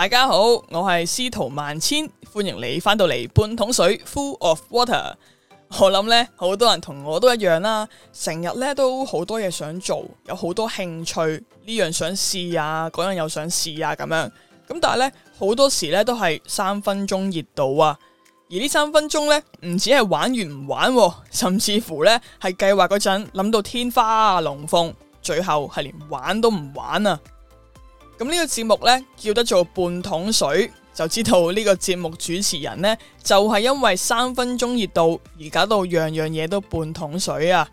大家好，我係司徒萬千，歡迎你翻到嚟半桶水 （full of water）。我諗咧，好多人同我都一樣啦、啊，成日咧都好多嘢想做，有好多興趣，呢樣想試啊，嗰樣又想試啊，咁樣。咁但係咧，好多時咧都係三分鐘熱度啊，而呢三分鐘咧，唔止係玩完唔玩、啊，甚至乎咧係計劃嗰陣諗到天花、啊、龍鳳，最後係連玩都唔玩啊！咁呢個節目呢，叫得做半桶水，就知道呢個節目主持人呢，就係、是、因為三分鐘熱度而搞到樣樣嘢都半桶水啊。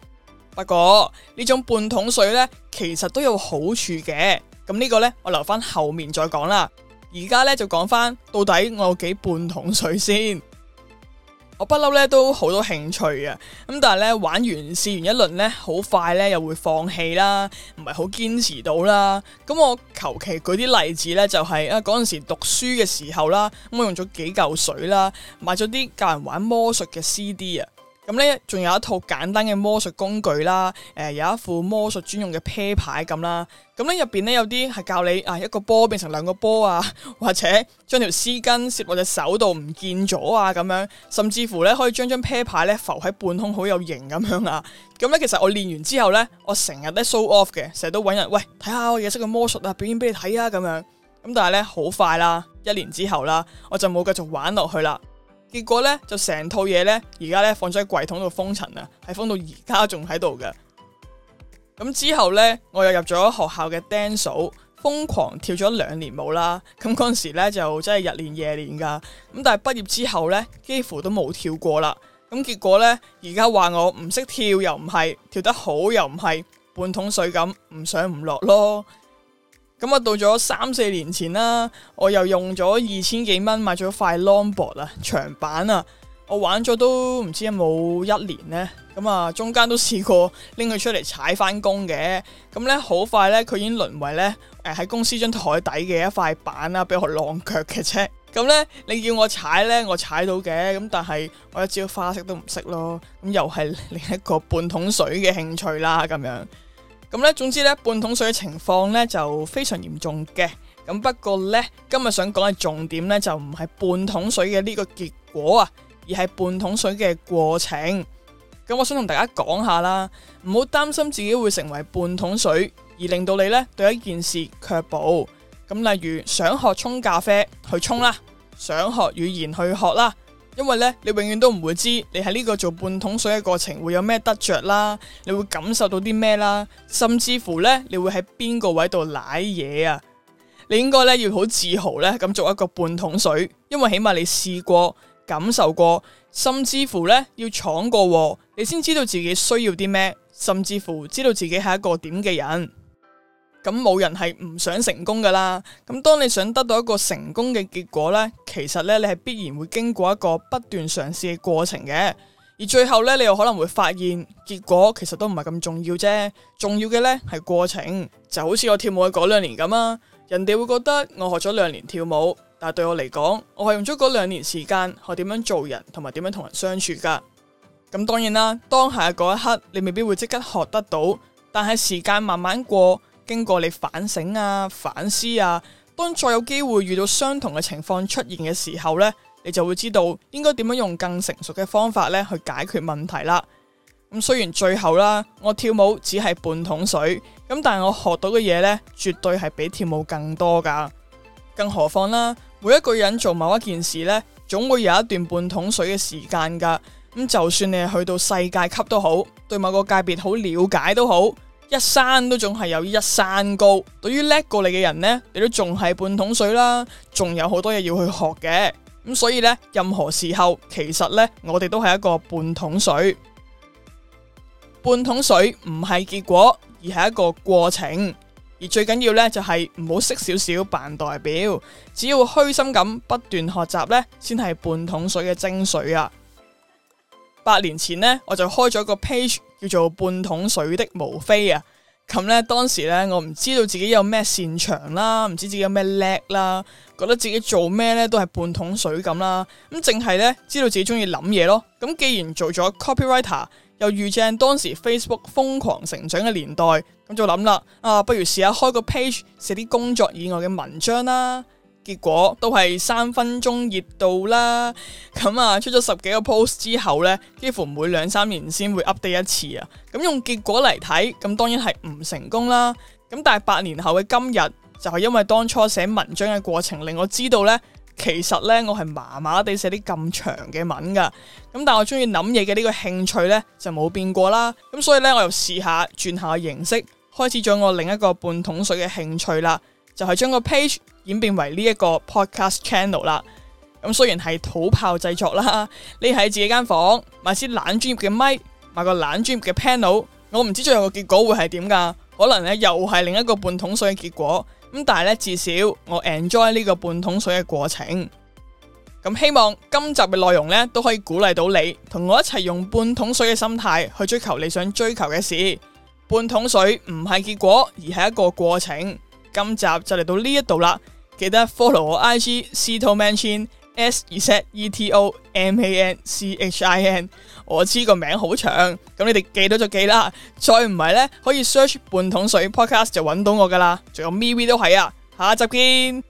不過呢種半桶水呢，其實都有好處嘅，咁、這、呢個呢，我留翻後面再講啦。而家呢，就講翻到底我有幾半桶水先。我不嬲咧都好多興趣啊，咁但係咧玩完試完一輪咧，好快咧又會放棄啦，唔係好堅持到啦。咁我求其舉啲例子咧，就係，就係啊嗰陣時讀書嘅時候啦，我用咗幾嚿水啦，買咗啲教人玩魔術嘅 CD 啊。咁呢仲有一套簡單嘅魔術工具啦，誒、呃，有一副魔術專用嘅啤牌咁啦。咁咧入邊呢，有啲係教你啊一個波變成兩個波啊，或者將條絲巾攝喺隻手度唔見咗啊咁樣，甚至乎呢，可以將張啤牌呢浮喺半空好有型咁樣啊。咁呢，其實我練完之後呢，我成日都 show off 嘅，成日都揾人喂，睇下我嘢識嘅魔術啊，表演俾你睇啊咁樣。咁但係呢，好快啦，一年之後啦，我就冇繼續玩落去啦。結果咧就成套嘢咧，而家咧放咗喺櫃桶度封塵啊，係封到而家仲喺度嘅。咁之後咧，我又入咗學校嘅 dance 舞，瘋狂跳咗兩年舞啦。咁嗰陣時咧就真係日練夜練噶。咁但係畢業之後咧，幾乎都冇跳過啦。咁結果咧，而家話我唔識跳又唔係，跳得好又唔係，半桶水咁，唔上唔落咯。咁啊，到咗三四年前啦，我又用咗二千幾蚊買咗塊 longboard 長板啊，我玩咗都唔知有冇一年呢。咁、嗯、啊，中間都試過拎佢出嚟踩翻工嘅。咁、嗯、呢，好快呢，佢已經淪為呢，誒、呃、喺公司張台底嘅一塊板啦，俾我晾腳，嘅啫。咁、嗯、呢，你叫我踩呢，我踩到嘅，咁、嗯、但係我一招花式都唔識咯。咁、嗯、又係另一個半桶水嘅興趣啦，咁樣。咁咧，總之咧，半桶水嘅情況咧就非常嚴重嘅。咁不過咧，今日想講嘅重點咧就唔係半桶水嘅呢個結果啊，而係半桶水嘅過程。咁我想同大家講下啦，唔好擔心自己會成為半桶水，而令到你咧對一件事卻步。咁例如想學沖咖啡，去沖啦；想學語言，去學啦。因為咧，你永遠都唔會知你喺呢個做半桶水嘅過程會有咩得着啦，你會感受到啲咩啦，甚至乎咧，你會喺邊個位度舐嘢啊。你應該咧要好自豪咧咁做一個半桶水，因為起碼你試過感受過，甚至乎咧要闖過禍，你先知道自己需要啲咩，甚至乎知道自己係一個點嘅人。咁冇人係唔想成功噶啦。咁當你想得到一個成功嘅結果呢，其實呢，你係必然會經過一個不斷嘗試嘅過程嘅。而最後呢，你又可能會發現結果其實都唔係咁重要啫。重要嘅呢係過程，就好似我跳舞嗰兩年咁啊。人哋會覺得我學咗兩年跳舞，但係對我嚟講，我係用咗嗰兩年時間學點樣做人，同埋點樣同人相處噶。咁當然啦，當下嗰一刻你未必會即刻學得到，但係時間慢慢過。經過你反省啊、反思啊，當再有機會遇到相同嘅情況出現嘅時候呢，你就會知道應該點樣用更成熟嘅方法呢去解決問題啦。咁雖然最後啦，我跳舞只係半桶水，咁但係我學到嘅嘢呢，絕對係比跳舞更多噶。更何況啦，每一個人做某一件事呢，總會有一段半桶水嘅時間噶。咁就算你係去到世界級都好，對某個界別好了解都好。一山都仲係有一山高，對於叻過你嘅人呢，你都仲係半桶水啦，仲有好多嘢要去學嘅。咁所以呢，任何時候其實呢，我哋都係一個半桶水。半桶水唔係結果，而係一個過程。而最緊要呢，就係唔好識少少扮代表，只要虛心咁不斷學習呢，先係半桶水嘅精髓啊！八年前呢，我就開咗個 page，叫做半桶水的無非啊，咁咧當時咧我唔知道自己有咩擅長啦，唔知自己有咩叻啦，覺得自己做咩咧都係半桶水咁啦，咁淨係咧知道自己中意諗嘢咯，咁、嗯、既然做咗 copywriter，又遇正當時 Facebook 瘋狂成長嘅年代，咁就諗啦，啊不如試下開個 page 寫啲工作以外嘅文章啦。結果都係三分鐘熱度啦，咁啊出咗十幾個 post 之後呢，幾乎每兩三年先會 update 一次啊。咁用結果嚟睇，咁當然係唔成功啦。咁但係八年後嘅今日，就係因為當初寫文章嘅過程令我知道呢，其實呢，我係麻麻地寫啲咁長嘅文噶。咁但我中意諗嘢嘅呢個興趣呢，就冇變過啦。咁所以呢，我又試下轉下形式，開始咗我另一個半桶水嘅興趣啦。就係將個 page 演變為呢一個 podcast channel 啦。咁雖然係土炮製作啦，呢喺自己間房買支懶專業嘅咪，買個懶專業嘅 panel，我唔知最後嘅結果會係點噶。可能咧又係另一個半桶水嘅結果。咁但係呢，至少我 enjoy 呢個半桶水嘅過程。咁希望今集嘅內容呢，都可以鼓勵到你，同我一齊用半桶水嘅心態去追求你想追求嘅事。半桶水唔係結果，而係一個過程。今集就嚟到呢一度啦，記得 follow 我 IG Szeto Manchin S Z E T O M A N C H I N，我知個名好長，咁你哋記多就記啦，再唔係呢，可以 search 半桶水 podcast 就揾到我噶啦，仲有 MeWe 都係啊，下一集見。